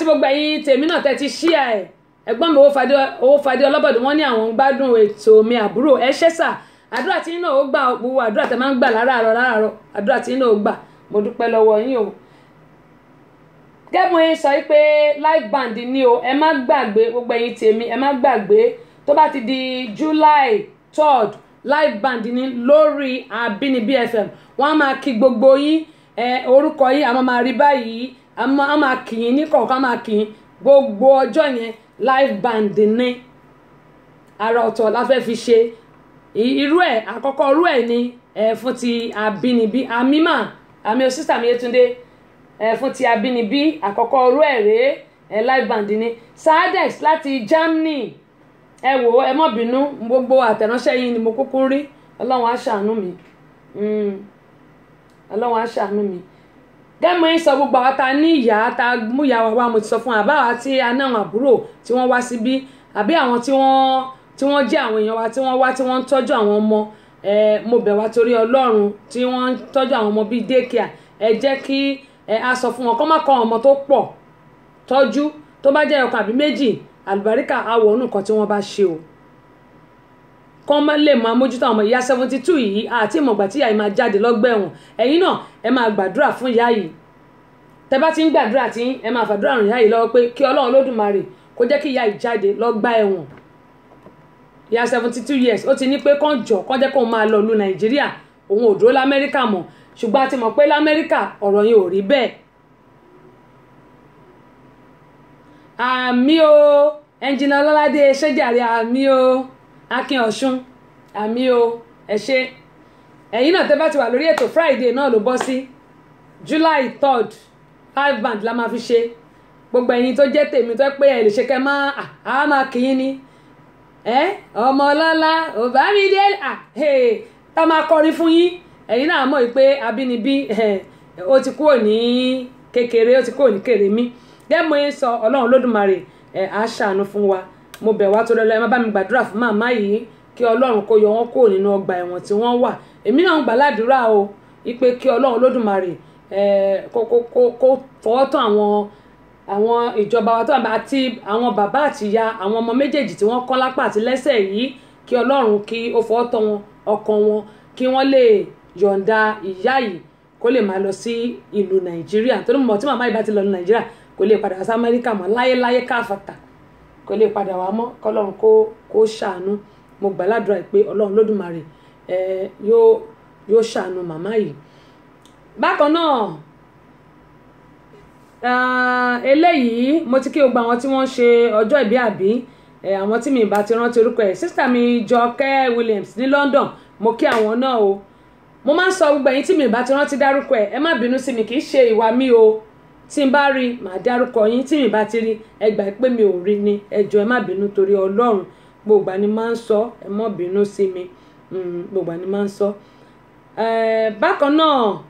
tí gbogbo ẹ̀yin tèmi náà tẹ́ ti ṣíà ẹ̀ ẹ̀gbọ́n mi owó fadé ọlọ́bọ̀dé wọ́n ní àwọn ń gbádùn ètò mi àbúrò ẹ ṣé sà àdúrà tí yín náà ó gbà gbogbo àdúrà tẹ́ máa ń gbà láràárọ̀ láràárọ̀ àdúrà tí yín náà ó gbà mo dúpẹ́ lọ́wọ́ yín o. gẹ́gbọ́n yín sọ pé live band ni o ẹ má gbàgbé gbogbo ẹ̀yin tèmi ẹ má gbàgbé tó bá ti di July 3rd live band ni lórí Àbínibí FM wọ́n á máa kí gbogbo yín orúkọ yín àmọ́ máa rí báyìí a máa kì í ní kọ̀ọ̀kan a máa kì í gbogbo ọjọ́ yẹn live band ní ara ọ̀tọ̀ la fẹ́ fi ṣe irú ẹ̀ àkọ́kọ́ irú ẹ̀ ni fún ti àbínibí àmímà àmì sísà mi Yétúndé fún ti àbínibí àkọ́kọ́ irú ẹ̀ rèé live band ni Sadex láti Germany ẹ wò ẹ mọ̀ bínú gbogbo àtẹ̀ránṣẹ́ yìí ni mo kúkú rí ọlọ́run á ṣàánú mi hmm. ọlọ́run á ṣàánú mi dẹ́mọ̀ yín sọ gbogbo àwọn ta ní ìyá ta múyà wà wá mo ti sọ fún àbá àwa tí a náà àbúrò tí wọ́n wá síbí àbí àwọn tí wọ́n tí wọ́n jẹ́ àwọn èèyàn wa tí wọ́n wá tí wọ́n ń tọ́jú àwọn ọmọ ẹ mo bẹ̀ wá torí ọlọ́run tí wọ́n ń tọ́jú àwọn ọmọ bíi daycare ẹ jẹ́ kí ẹ a sọ fún wọn kọ́ má kọ́ ọmọ tó pọ̀ tọ́jú tó bá jẹ́ ọkàn àbí méjì àlùbáríkà àwọ̀ nǹkan tí wọ́n bá ṣe o kán lè máa mójútó àwọn ìyá seventy two yìí àti ìmọ̀gbà tí ìyá yìí máa jáde lọ́gbẹ̀ẹ́wọ̀n ẹ̀yin náà ẹ máa gbàdúrà fún ìyá yìí tẹ bá ti ń gbàdúrà tí ẹ máa fàdúrà ràn ìyá yìí lọ́wọ́ pé kí ọlọ́run lódùmarè kó jẹ́ kí ìyá yìí jáde lọ gbá ẹ̀wọ̀n ìyá seventy two years ó ti ní pé kàn jọ kàn jẹ́ kó máa lọ lu nàìjíríà òun ò dúró lamẹ́ríkà mọ́ ṣùgbọ́n a ti mọ̀ pé lamẹ́ríkà ọ̀rọ̀ yẹn ò rí bẹ́ẹ̀. àmì o ẹnjìnà ọlọ́ládé ṣẹ́jàre àmì o akin ọ̀ṣun àmì o ẹ ṣe ẹ̀yin náà tẹ́ ti wà lórí ètò friday náà ló bọ́ sí july third five band la máa fi ṣe gbogbo ẹ̀yin tó jẹ́ tèmi tó pé ẹ lè ṣe kẹ́ mọ́ a máa kì í ni ọmọ ọlọ́lá ọ̀bámidé tá a máa kọrin fún yín ẹ̀yin náà mọ̀ pé abínibí ó ti kúrò ní kékeré ó ti kúrò ní kèrémí dẹ́mo yín sọ ọlọ́run lódùmarè ẹ̀ á ṣàánú fún wa mo bẹ̀ wá torí ọlọ́ ẹ má bá mi gbàdúrà fún màmá yìí kí ọlọ́run kó yọ wọ́n kúrò nínú ọgbà ẹ̀wọ̀n tí wọ́n wà èmi náà ń gbàládùúrà o ipe kí ọlọ́run lódùmarè kó kó kó fọwọ́ tán àwọn àwọn ìjọba wa tó àti àwọn bàbá àtìyá àwọn ọmọ méjèèjì tí wọ́n kọ́ lápá àti lẹ́sẹ̀ yìí kí ọlọ́run kí ó fọwọ́ wọn ọkàn wọn kí wọ́n lè yọ̀ǹda ìyá yìí kó lè máa lọ sí ìlú nàìjíríà torí mọ̀ tí màmá yìí bá ti lọ ní nàìjíríà kò lè padà wá sí amẹ́ríkà mọ́ láyéláyé káfàtà kò lè padà wá mọ́ kọ́lọ́run kó kó ṣàánú mo gbàládùra pé ọlọ́run lódùmarè ẹ yóò ṣàánú màmá yìí bákan náà ah, eléyìí mo ti kí gbogbo àwọn tí wọ́n ń ṣe ọjọ́ ìbí àbí eh, àwọn tí mi ìbá ti rántí orúkọ ẹ̀ sísítà mi Jọkẹ́ Williams ní London mo kí àwọn náà o mo máa ń sọ gbogbo ẹ̀yin tí mi ìbá ti rántí dárúkọ ẹ̀ ẹ má bínú sí mi kì í ṣe ìwà mi o tí n bá rí màá dárúkọ yín tí mi bá ti rí ẹ pé mi ò rí ni ẹ ẹ má bínú torí Ọlọ́run gbogbo ni máa ń sọ ẹ má bínú sí mi hmm, gbogbo ni máa ń sọ eh, bákan náà.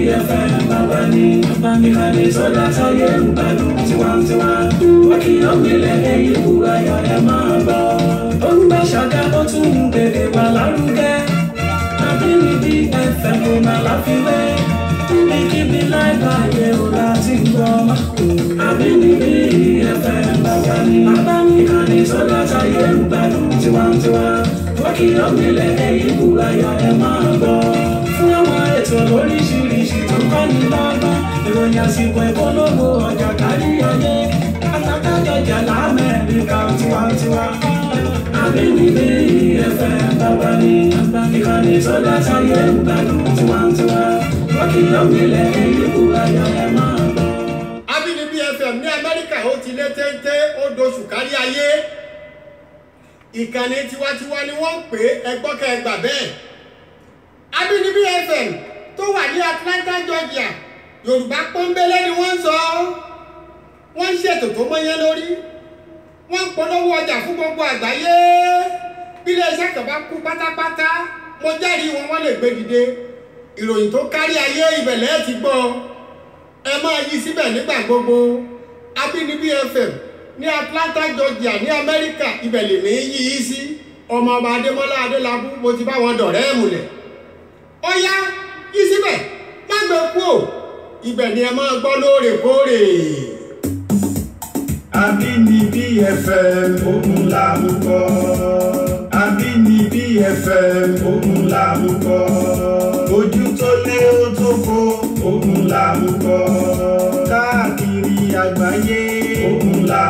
BFM bàbá ni ìkànnì sọ́dá sáyé ń gbádùn tiwantiwa òkìyàn gbilẹ̀ èyí kú ayọ̀ ẹ máa bọ̀. olùgbàṣàgà ló tún ń gbèrè wà lárugẹ àbínibí BFM kò má láfiwé níbikíbi ni ìkànnì sọ́dá sáyé ń gbádùn tiwantiwa òkìyàn gbilẹ̀ èyí kú ayọ̀ ẹ máa bọ̀. fún àwọn ètò lóríṣiríṣi kọ́ni lọ́gbọ́n ìròyìn àsìkò ẹ̀kọ́ lówó ọjà kárí ayé àtàkàjọjà lámẹ́ríkà tiwantiwa. Abínibí ẹ̀fẹ̀ bàbá ni ìkànnì tó dá sáyé ń gbádùn tiwantiwa. Rọ́kì ọ̀gbìnlẹ̀ ìlú ayọ̀ ẹ̀ máa bọ̀. Abínibí ẹ̀fẹ̀ ní Amẹ́ríkà ó ti lé téńté ó doṣù kárí ayé. Ìkànnì tiwantiwa ni wọ́n ń pè é ẹgbọ́kẹ́ Abínibí ẹ̀fẹ̀ tó wà ní Atlanta Georgia Yorùbá pọ́nbélé ni wọ́n ń sọ wọ́n ń ṣètò tó mọ́yán lórí wọ́n ń polówó ọjà fún gbogbo àgbáyé bí iléeṣẹ́ kan bá kú pátápátá mo jẹ́rìí wọn wọ́n lè gbé dìde ìròyìn tó kárí ayé ìbẹ̀lẹ̀ ti gbọ́ ẹ máa yí síbẹ̀ nígbà gbogbo Abínibí FM ní Atlanta Georgia ní Amẹ́ríkà ìbẹ̀lẹ̀ mi ń yí sí ọmọ ọba Adémọ́lá Adélabú mo ti bá wọn dọ̀rẹ́ ẹ̀mùlẹ̀ ó yá gbé kúò ibẹ̀ ni ẹ máa gbọ́ lóòrèkóòrè. Àbínibí FM òun là ń gbọ́. Àbínibí FM òun là ń Ojú tó lé ó tó kó òun là Káàkiri àgbáyé òun là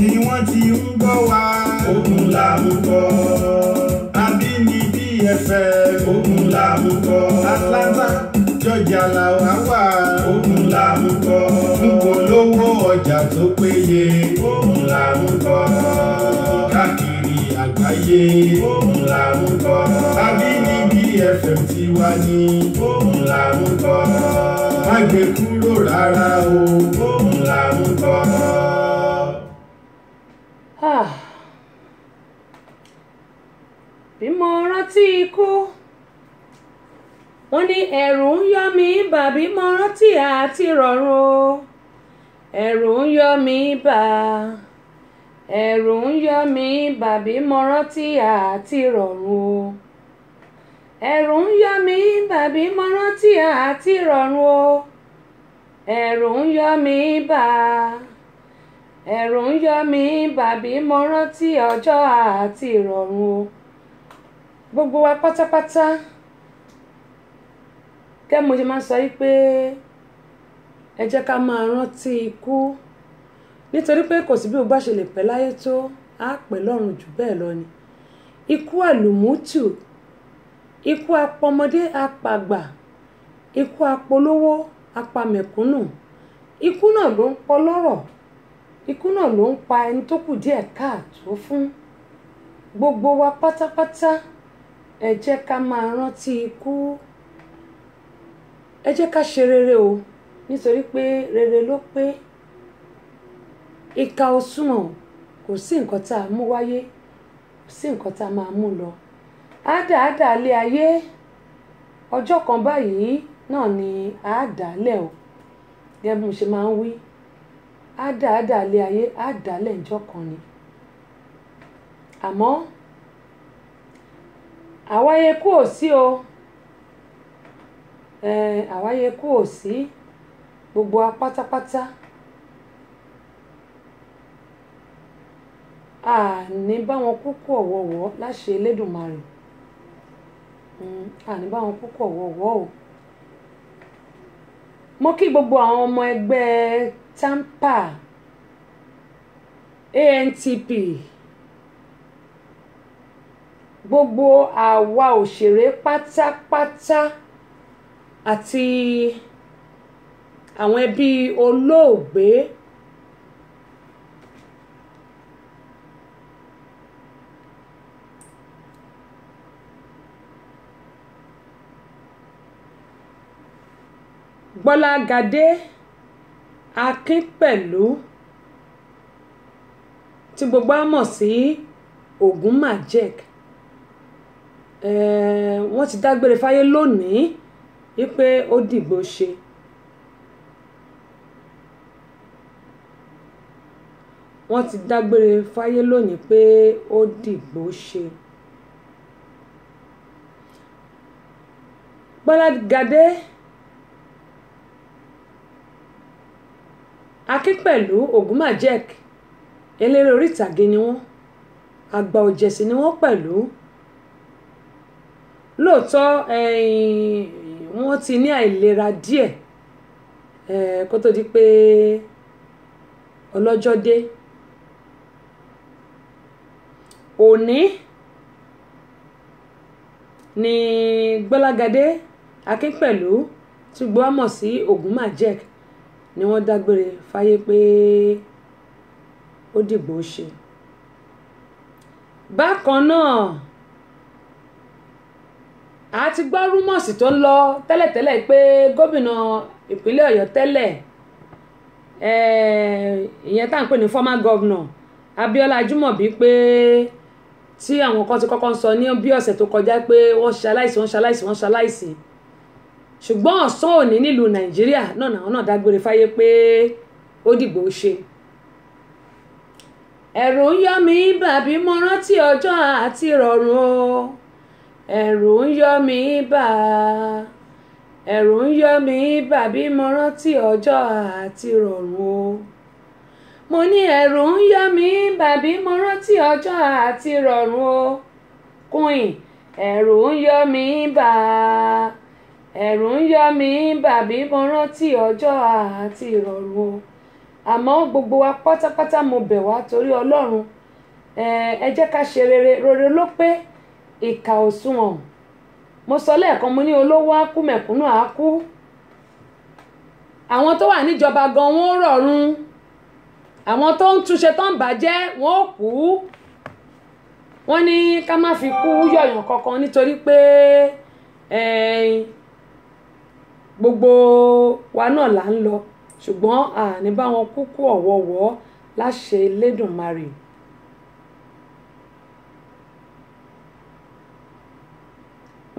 Ni wọ́n ti ń gbọ́ wa òun là ń gbọ́. Àbínibí FM òun la mú kọ́. Atlanta, Georgia la wá wà. Òun la mú kọ́. N kò lówó ọjà tó péye. Òun la mú kọ́. Káàkiri àgbáyé. Òun la Abínibí FM ti wá ní. Òun la Má gbé kúrò rárá o. Òun la ó ní ẹ̀rù ń yọ mí bàbí mo rántí àti rọ̀rùn o ẹ̀rù ń yọ mí bà ẹ̀rù ń yọ mí bàbí mo rántí àti rọ̀rùn o ẹ̀rù ń yọ mí bàbí mo rántí àti rọ̀rùn o ẹ̀rù ń yọ mí bà ẹ̀rù ń yọ mí bàbí mo rántí ọjọ́ àti rọ̀rùn o gbogbo wa pátápátá. kẹ́ mo ṣe máa ń sọ yí pé ẹ jẹ́ ká máa rántí ikú nítorí pé kò sí bí o bá ṣe lè pẹ́ láyé tó á pẹ́ lọ́run jù bẹ́ẹ̀ lọ ni ikú àlùmútù ikú apọmọdé apàgbà ikú apolówó apamẹ̀kúnnù ikú náà ló ń pọ̀ lọ́rọ̀ ikú náà ló ń pa ẹni tó kù díẹ̀ káàtó fún gbogbo wa pátápátá ẹ jẹ́ ká máa rántí ikú. ẹ jẹ́ ká ṣe rere o nítorí pé rere ló pé ìka ò súnmọ́ kò sí nǹkan tá a mú wáyé kò sí nǹkan tá a máa mú lọ àádáadáa lé ayé ọjọ́ kan báyìí náà ni àádálẹ̀ o gẹ́gẹ́ ma mo ṣe máa ń wí àádáadáa lé ayé àádálẹ̀ ọjọ́ kan ni àmọ́ àwáyé kú ò sí o. àwáyé kò sí gbogbo wa pátápátá a ní báwọn kúkú ọ̀wọ̀ọ̀wọ́ láṣẹ Elédùmarè hmm, a ní báwọn kúkú ọ̀wọ̀ọ̀wọ́ o mo kí gbogbo àwọn ọmọ ẹgbẹ́ TAMPA ANTP gbogbo àwa òṣèré pátápátá. Pata, pata àti àwọn ẹbí olóògbé gbọ́lágadé akínpẹ̀lú tí gbogbo á mọ̀ sí ògúnmàjẹ̀k wọ́n ti dágbére fáyé lónìí wípé ó dìgbò ṣe wọ́n ti dágbére fáyé lónìí pé ó dìgbò ṣe. Gbọ́ládìgadé Akínpẹ̀lú Ògúnmàjẹ́k eléré orí ìtàgé ni wọ́n àgbà òjẹ̀sí ni wọ́n pẹ̀lú lóòótọ́ wọ́n ti ní àìlera díẹ̀ kó tó di pé ọlọ́jọ́ dé òní ni gbọ́lágadé akínpẹ̀lú tí gbọ́ mọ̀ sí ogunmajek ni wọ́n dágbére fáyé pé ó dìgbò ṣe bákan náà a ti gbọ́ rúmọ̀sì tó ń lọ tẹ́lẹ̀tẹ́lẹ̀ pé gómìnà ìpínlẹ̀ ọ̀yọ́ tẹ́lẹ̀ eh, ìyẹn tá à ń pè ní former governor abiola ajumobi pé tí àwọn kan ti kọ́kọ́ ń sọ ní bí ọ̀sẹ̀ tó kọjá pé wọ́n ṣaláìsí wọ́n ṣaláìsí wọ́n ṣaláìsí ṣùgbọ́n ọ̀sán òní nílùú nàìjíríà náà náà náà dágbére fáyé pé ó dìgbò ṣe ẹ̀rù ń yọ mí bàbí mo rántí ọjọ́ àti rọrùn o ẹ̀rù ń yọ mí bà ẹ̀rù ń yọ mí bà bí mo rántí ọjọ́ àti rọ̀rùn o mo ní ẹ̀rù ń yọ mí bà bí mo rántí ọjọ́ àti rọ̀rùn o kùn ẹ̀rù ń yọ mí bà ẹ̀rù ń yọ mí bà bí mo rántí ọjọ́ àti rọ̀rùn o àmọ́ gbogbo wa pátápátá mo bẹ̀ wá torí ọlọ́run ẹ jẹ́ ká ṣe rere rere ló pé ìkà òṣùwọ̀n mo sọ lẹ́ẹ̀kan mo ní olówó á kú mẹ̀kúnnù á kú àwọn tó wà níjọba gan wọn ó rọ̀run àwọn tó ń túnṣe tó ń bàjẹ́ wọn ó kú wọ́n ní ká má fi kú yọ̀yàn kankan nítorí pé eh, gbogbo wa náà là ń lọ ṣùgbọ́n àní bá wọn kúkú ọ̀wọ̀ọ̀wọ́ láṣẹ Elédùmarè.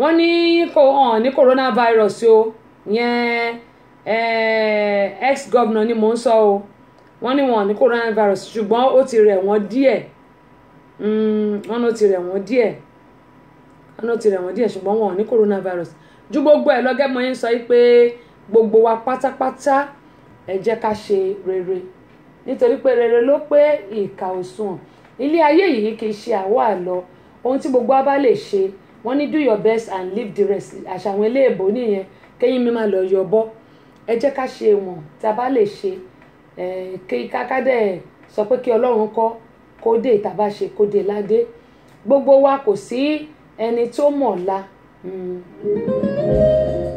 wọ́n ní kò hàn ní coronavirus o yẹn eh, ex governor ni mò ń sọ o wọ́n ní wọn ní coronavirus ṣùgbọ́n ó ti rẹ̀ wọ́n díẹ̀ hmm, wọ́n ló ti rẹ̀ wọ́n díẹ̀ wọ́n ló ti rẹ̀ wọ́n díẹ̀ ṣùgbọ́n wọn ní coronavirus ju gbogbo ẹ̀ lọ́gẹ́mọ yín sọ pé gbogbo wa pátápátá ẹ jẹ́ ká ṣe rere nítorí pé rere ló pé ìkà òsùn ilé ayé yìí kì í ṣe àwa àlọ ohun tí gbogbo wa lè ṣe wọ́n ní do your best and leave the rest àṣà àwọn eléèbó nìyẹn kẹ́yìn mi máa lọ yọ bọ́ ẹ jẹ́ ká ṣe wọn tá a bá lè ṣe kí kákádẹ́ sọ pé kí ọlọ́run kọ́ kó dé tá a bá ṣe kó dé ládé gbogbo wa kò sí ẹni tó mọ̀ la. Hmm.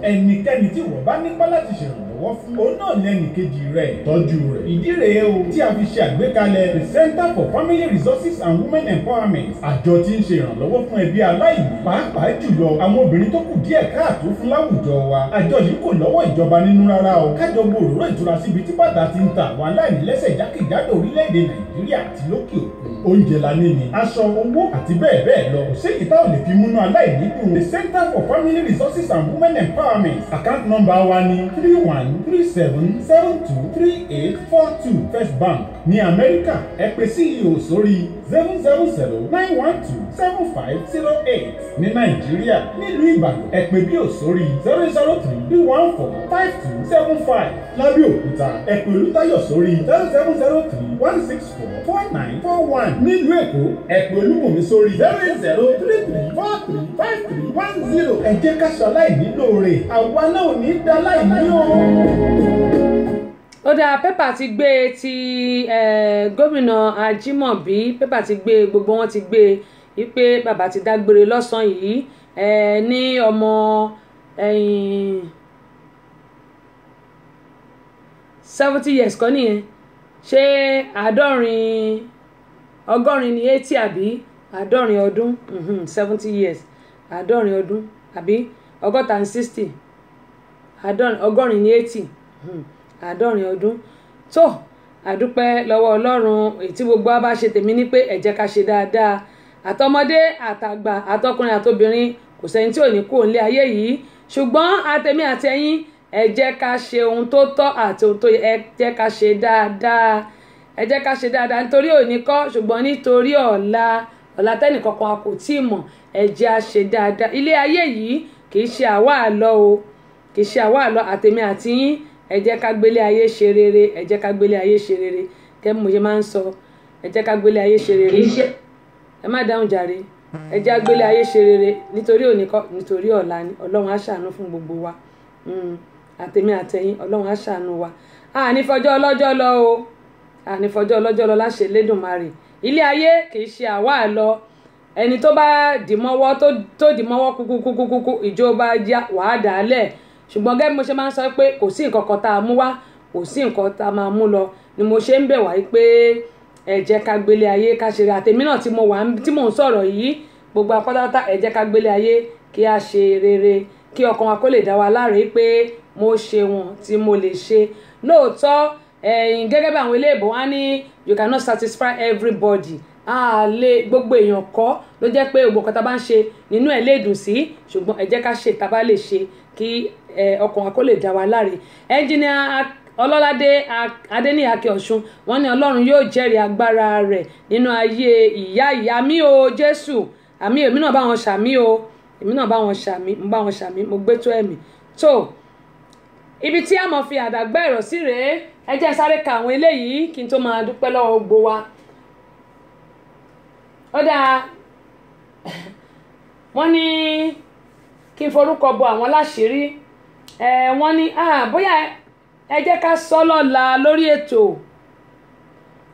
ẹnikẹ́ni tí wọ́n bá nípa láti ṣèrànwọ́ ìrànlọ́wọ́ fún. òun náà ni ẹnìkejì rẹ̀ tọ́jú rẹ̀. ìdí rèé o tí a fi ṣe àgbékalẹ̀ the Center for Family Resources and Women Empowerment àjọ tí ń ṣe ìrànlọ́wọ́ fún ẹbí aláìní pàápàá jùlọ àwọn obìnrin tó kù díẹ̀ káàtó fún láwùjọ wa. àjọ yìí kò lọ́wọ́ ìjọba nínú rárá o kájọ gbòòrò ìtura síbi tí bàtà ti ń ta àwọn aláìní lẹ́sẹ̀ jákèjádò orílẹ̀-èdè Nàìjíríà àti lókè òkun oúnjẹ la ní ni aṣọ owó àti bẹ́ẹ̀ bẹ́ẹ̀ lọ ṣé ìta ò lè fi múná aláìní dùn the center for family resources and women empowerment account number wa ni three one three seven seven two three eight four two first bank ní amẹ́ríkà ẹ pè ceo sórí zero zero zero nine one two seven five zero eight ní nàìjíríà nílùú ìbàdàn ẹ pè bí e o sórí zero zero three three one four five two seven five lábẹ́òkúta ẹ pè olùtayọ̀ sórí zero seven zero three one six four four nine four one prime nílùú èkó ẹ̀pẹ́ olúmọ̀mí sórí zero eight zero three three four three five three one zero ẹ jẹ́ ká ṣaláì nílò rẹ̀ àwa náà ò ní í dá láì ní o. ó dáa pépà ti gbé e ti gómìnà ajímọ̀bí pépà ti gbé e, gbogbo wọn ti gbé e. wípé bàbá ti dágbére lọ́sàn-án yìí ní ọmọ seventy years kan nìyẹn ṣé àádọ́rin ọgọ́rin ni eighty àbí àádọ́rin ọdún mhm, seventy years àádọ́rin ọdún àbí ọgọ́ta ní sixty ọgọ́rin ní eighty mhm, àádọ́rin ọdún tó àdúpẹ́ lọ́wọ́ ọlọ́run ètí gbogbo wa bá ṣe tèmi ní pé ẹ jẹ́ ká ṣe dáadáa àtọmọdé àtàgbà àtọkùnrin àtobìnrin kò sẹ́ni tí ò ní kú òǹlé ayé yìí ṣùgbọ́n àtẹ̀mí àtẹ̀yìn ẹ jẹ́ ká ṣe ohun tó tọ́ àti ohun tó yẹ ẹ jẹ́ ká ṣe dáadáa ẹ jẹ́ ká ṣe dáadáa nítorí òní kọ́ ṣùgbọ́n nítorí ọ̀la ọ̀la tẹ́nìkankan a kò tí mọ̀ ẹ jẹ́ á ṣe dáadáa ilé ayé yìí kì í ṣe àwa àlọ́ o kì í ṣe àwa àlọ́ àtèmi àti yín ẹ jẹ́ ká gbélé ayé ṣe rere ẹ jẹ́ ká gbélé ayé ṣe rere kẹ́ mo ṣe máa ń sọ ẹ jẹ́ ká gbélé ayé ṣe rere ẹ má dáhùn jàre ẹ jẹ́ á gbélé ayé ṣe rere nítorí òní kọ́ nítorí ọ̀la ni ọlọ́run á ṣàánú fún gbogbo wa hmm. àtèmi àtẹ̀yìn ọlọ́run á ṣàánú wa àní fọjọ́ ọlọ́jọ́ lọ o ànífọjọ́ ọlọ́jọ́ lọ láṣẹ lẹ́dùnmarè ilé ayé kì í ṣe àwa àlọ ẹni tó bá dì mọ́wọ́ tó dì mọ́wọ́ kúkúkúkú ìjọba wàá dà á lẹ̀ ṣùgbọ́n gẹ́gẹ́ mo ṣe máa ń sọ pé kò sí nǹkan kan tá a mú wá kò sí nǹkan tá a máa mú lọ ni mo ṣe ń bẹ̀ wá pé ẹ jẹ́ ká gbélé ayé ká ṣe rere àtèmi náà tí mo wà tí mò ń sọ̀rọ̀ yìí gbogbo apátápátá ẹ jẹ́ ká gbélé ayé kí a ṣe rere kí ọkàn wa kó lè dá wa láre pé mo ṣe wọn tí mo lè ṣe lóòótọ́ gẹ́gẹ́ bí àwọn iléèbò wọn á you cannot satisfy everybody àlè gbogbo èèyàn kọ́ ló jẹ́ pé ògbó kan tá a bá ń ṣe nínú ẹ̀ lè dùn sí ṣùgbọ́n ẹ jẹ́ ká ṣe tá a bá lè ṣe kí ọkàn wa kó lè dá wa láre ẹnjìnìà ọlọ́ládé adéní akẹ́ ọ̀ṣun wọ́n ní ọlọ́run yóò jẹ́rìí agbára rẹ̀ nínú ayé ìyá ìyá mi o jésù àmì èmi náà bá wọn ṣàmì o èmi náà bá wọn ṣàmì mo bá wọn ṣàmì mo gbé tó ẹ̀mí tó. So, ibi tí àmọ̀fin àdàgbà ẹ̀rọ sí rèé ẹ jẹ́ sáré ka àwọn eléyìí kí n tó máa dúpẹ́ lọ́wọ́ wa. ó dáa wọ́n ní kí n forúkọ bo àwọn láṣìírí ẹ̀ wọ́n ní bóyá ẹ jẹ́ ká sọ lọ́la lórí ètò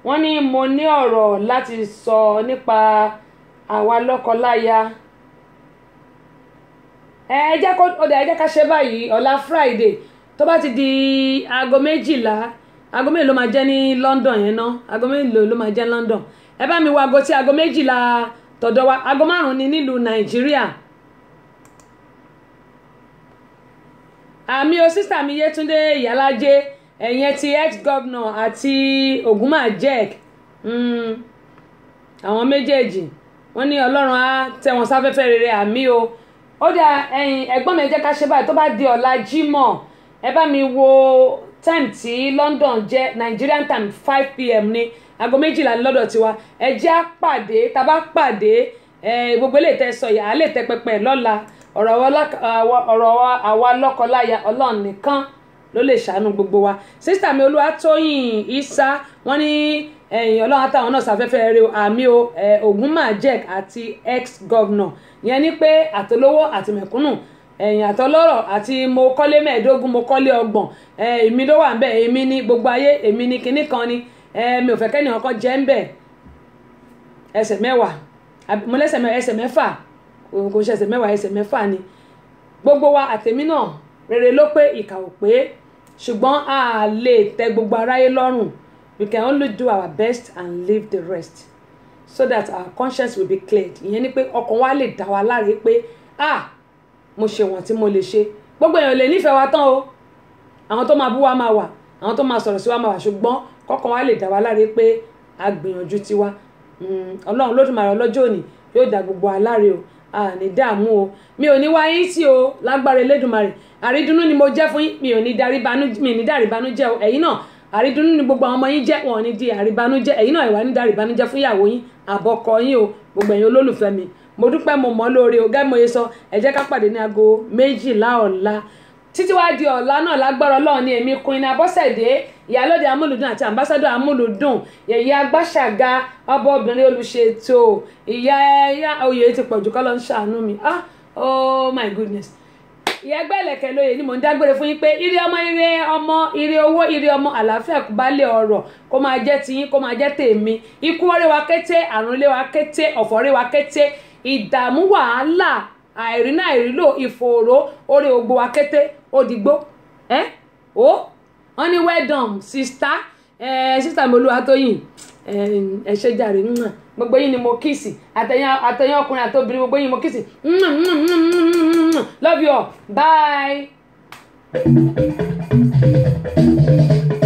wọ́n ní mo ní ọ̀rọ̀ láti sọ nípa àwa tó bá ti di aago méjìlá aago mélòó ló máa jẹ́ ní London yẹn náà aago mélòó ló máa jẹ́ London ẹ bá mi wo aago tí aago méjìlá tọ̀dọ̀ wa aago márùn-ún ni nílùú Nàìjíríà àmì o sísà mi Yétúndé Ìyálájé ẹ̀yẹn ti ex governor àti Ògúnmájẹ̀k hmm, àwọn méjèèjì wọ́n ní Ọlọ́run á tẹ́ wọn sáfẹ́fẹ́ rere àmì o ó dà ẹ̀yin ẹ̀gbọ́n mi ẹ jẹ́ ká ṣe báyìí tó bá di ọ̀la Jímọ̀ ẹ bá mi wo time tí London jẹ́ Nigerian time five pm ní aago méjìlá lọ́dọ̀ tiwa ẹ jẹ́ á pàdé tá a bá pàdé gbogbo ilé tẹ sọ yà á lè tẹ pẹpẹ lọ́la ọ̀rọ̀ àwa lọ́kọláya Ọlọ́run nìkan ló lè ṣàánú gbogbo wa sísítà mi Olúwatóyìn Isa wọ́n ní ẹ̀yìn Ọlọ́run àtàwọn náà ṣàfẹ́fẹ́ rẹ̀ àmì o Ogunmajek àti ex-governor yẹn ni pé àtolówó àti mẹ̀kúnnù ẹ̀yìn àtọlọ́rọ̀ àti mo kọ́lé mẹ́ẹ̀ẹ́dógún mo kọ́lé ọgbọ̀n èmi ló wà ńbẹ̀ èmi ni gbogbo ayé èmi ni kinní kan ni mi ò fẹ́ kẹ́ni ọkọ jẹ́ ńbẹ̀ ẹsẹ̀ mẹ́wàá mo lẹ́sẹ̀ ẹsẹ̀ mẹ́fà kò ṣe ẹsẹ̀ mẹ́wàá ẹsẹ̀ mẹ́fà ni gbogbo wa àtẹ̀mí náà rere ló pé ìkà ò pé ṣùgbọ́n a lè tẹ́ gbogbo aráyé lọ́rùn we can only do our best and leave the rest so that our conscience will be cleared ìyẹn ni pé ọkàn wa lè dá wa láre pé ah mo ṣe wọn tí mo lè ṣe gbogbo èèyàn lè nífẹ̀ẹ́ wa tán o àwọn tó máa bú wa máa wà àwọn tó máa sọ̀rọ̀ sí wa máa wà ṣùgbọ́n kọ́kàn wa lè dá wa láre pé a gbìyànjú tiwa hmm, ọlọ́run lódùmarè ọlọ́jọ́ òní yóò dá gbogbo aláre o a ní dààmú o mi ò ní wá yín sí o lágbára elédùnmarè àrídùnnú ni mo jẹ́ fún yín mi ò ní darí banú mi ní darí banú jẹ́ o ẹ̀yin náà àrídùnnú ni gbogbo àwọn ọmọ yín jẹ́ wọn ò ní di àríbanú jẹ́ ẹ̀yin náà ìwà ní darí banú jẹ́ fún ìyàwó yín àbọ̀kọ yín o gbogbo ẹ̀yin olólùfẹ́ mi mo dúpẹ́ mo mọ̀ lóore ọ̀gá ìmọ̀ye sọ ẹ ká pàdé ní aago méjìlá ọ̀la títí wá di ọ̀la náà lágbára ọlọ́run ní èmi Queen Abọ́sẹ̀dé ìyálóde amúlùdùn àti ambassador amúlùdùn yẹ̀yẹ́ agbáṣàga ọba obìnrin olùṣètò ìyá ẹ̀yà oyè ti pọ̀jù kọ́ ló ń ṣàánú mi ah oh my goodness ìyá ẹgbẹ́ ìlẹ̀kẹ̀ lóye ni mò ń dágbére fún yín pé ire ọmọ ire ọmọ ire owó ire ọmọ àlàáfíà kò bá lé ọrọ̀ kó máa jẹ́ tiyín kó máa jẹ́ tèmi ikú ọ̀rẹ́ wa kété àrùn lé wa kété ọ̀fọ̀ wa kété ìdààmú wàhálà àìrínà àìrílò ìfòòró orí ògbó akété òdìgbò ẹ o wọn ní well done sista ẹ sista mọlúwatóyìn ẹ ṣe jàre nnà gbogbo yín ni mo kíìsì àtẹ̀yìn ọkùnrin àtobìnrin gbogbo yín ni mo kíìsì love you all bye.